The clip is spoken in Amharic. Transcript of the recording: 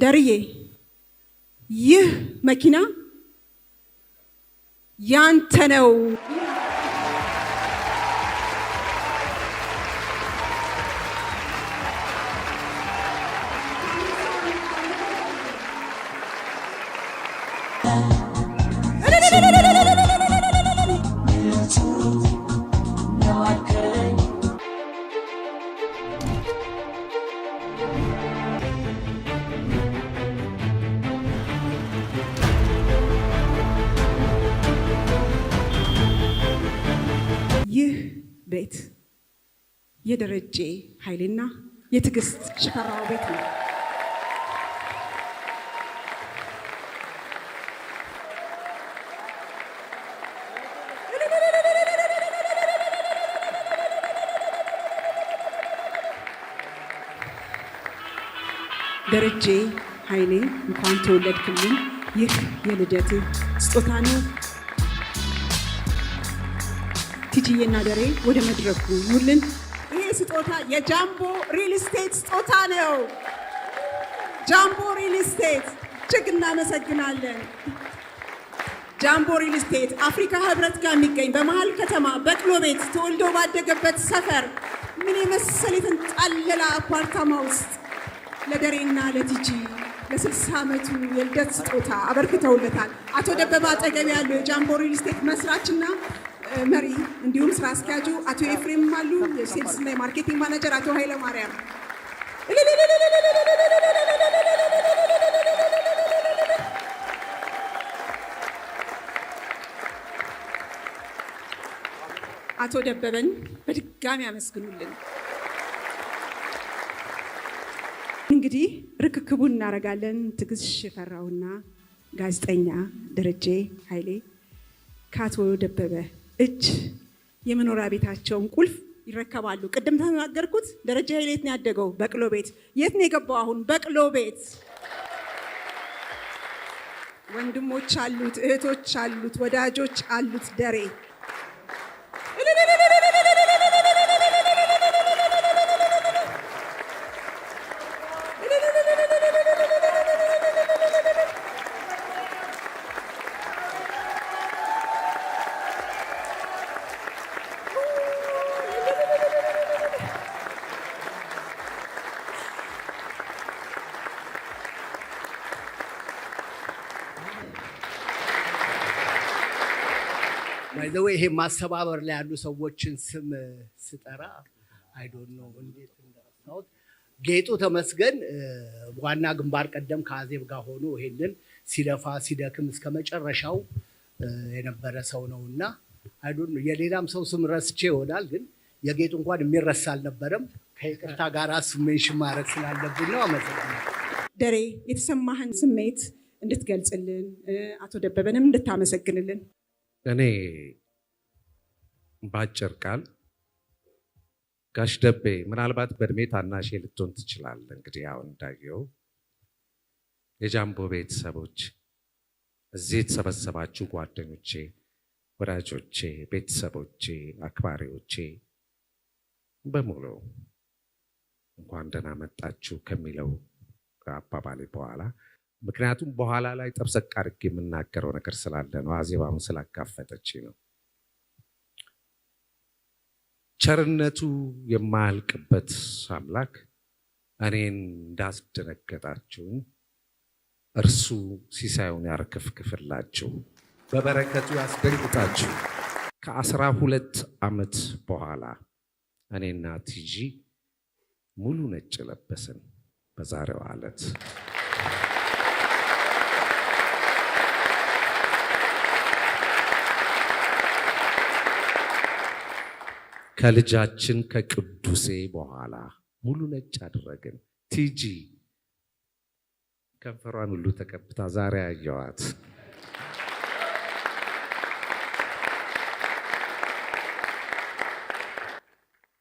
ደርዬ ይህ መኪና ያንተ ነው። የደረጀ ኃይሌና የትዕግስት ሽፈራው ቤት ነው። ደረጀ ኃይሌ እንኳን ተወለድክልን። ይህ የልደት ስጦታ ነው። ቲጂዬና ደሬ ወደ መድረኩ ይውልን። ይሄ ስጦታ የጃምቦ ሪል ስቴት ስጦታ ነው። ጃምቦ ሪል ስቴት እጅግ እናመሰግናለን። ጃምቦ ሪል ስቴት አፍሪካ ህብረት ጋር የሚገኝ በመሀል ከተማ በቅሎ ቤት ተወልዶ ባደገበት ሰፈር ምን የመሰለ የተንጣለለ አፓርታማ ውስጥ ለደሬና ለቲጂ ለስልሳ ዓመቱ የልደት ስጦታ አበርክተውለታል። አቶ ደበባ አጠገብ ያሉ የጃምቦ ሪል ስቴት መስራችና መሪ እንዲሁም ስራ አስኪያጁ አቶ ኤፍሬም አሉ፣ የሴልስ እና የማርኬቲንግ ማናጀር አቶ ኃይለ ማርያም አቶ ደበበን በድጋሚ አመስግኑልን። እንግዲህ ርክክቡን እናደርጋለን። ትግስ ሽፈራውና ጋዜጠኛ ደረጀ ኃይሌ ከአቶ ደበበ እጅ የመኖሪያ ቤታቸውን ቁልፍ ይረከባሉ። ቅድም ተናገርኩት። ደረጃ የት ነው ያደገው? በቅሎ ቤት። የት ነው የገባው? አሁን በቅሎ ቤት። ወንድሞች አሉት፣ እህቶች አሉት፣ ወዳጆች አሉት ደሬ ባይዘወ ይሄ ማስተባበር ላይ ያሉ ሰዎችን ስም ስጠራ አይዶን ነው እንዴት እንደረሳሁት። ጌጡ ተመስገን ዋና ግንባር ቀደም ከአዜብ ጋር ሆኖ ይሄንን ሲለፋ ሲደክም እስከ መጨረሻው የነበረ ሰው ነው እና አይዶን የሌላም ሰው ስም ረስቼ ይሆናል ግን የጌጡ እንኳን የሚረሳ አልነበረም። ከይቅርታ ጋር ሜንሽን ማድረግ ስላለብን ነው። አመሰግናለሁ። ደሬ የተሰማህን ስሜት እንድትገልጽልን አቶ ደበበንም እንድታመሰግንልን እኔ በአጭር ቃል ጋሽ ደቤ ምናልባት በእድሜ ታናሽ ልትሆን ትችላለ። እንግዲህ ያው እንዳየው የጃምቦ ቤተሰቦች እዚህ የተሰበሰባችሁ ጓደኞቼ፣ ወዳጆቼ፣ ቤተሰቦቼ፣ አክባሪዎቼ በሙሉ እንኳን ደህና መጣችሁ ከሚለው አባባሌ በኋላ ምክንያቱም በኋላ ላይ ጠብሰቅ አድርግ የምናገረው ነገር ስላለ ነው። አዜባም ስላካፈተች ነው። ቸርነቱ የማያልቅበት አምላክ እኔን እንዳስደነገጣችሁኝ እርሱ ሲሳዩን ያርከፍክፍላችሁ በበረከቱ ያስደንግጣችሁ። ከአስራ ሁለት ዓመት በኋላ እኔና ቲጂ ሙሉ ነጭ ለበስን በዛሬዋ ዕለት ከልጃችን ከቅዱሴ በኋላ ሙሉ ነጭ አደረግን። ቲጂ ከንፈሯን ሁሉ ተቀብታ ዛሬ አየዋት።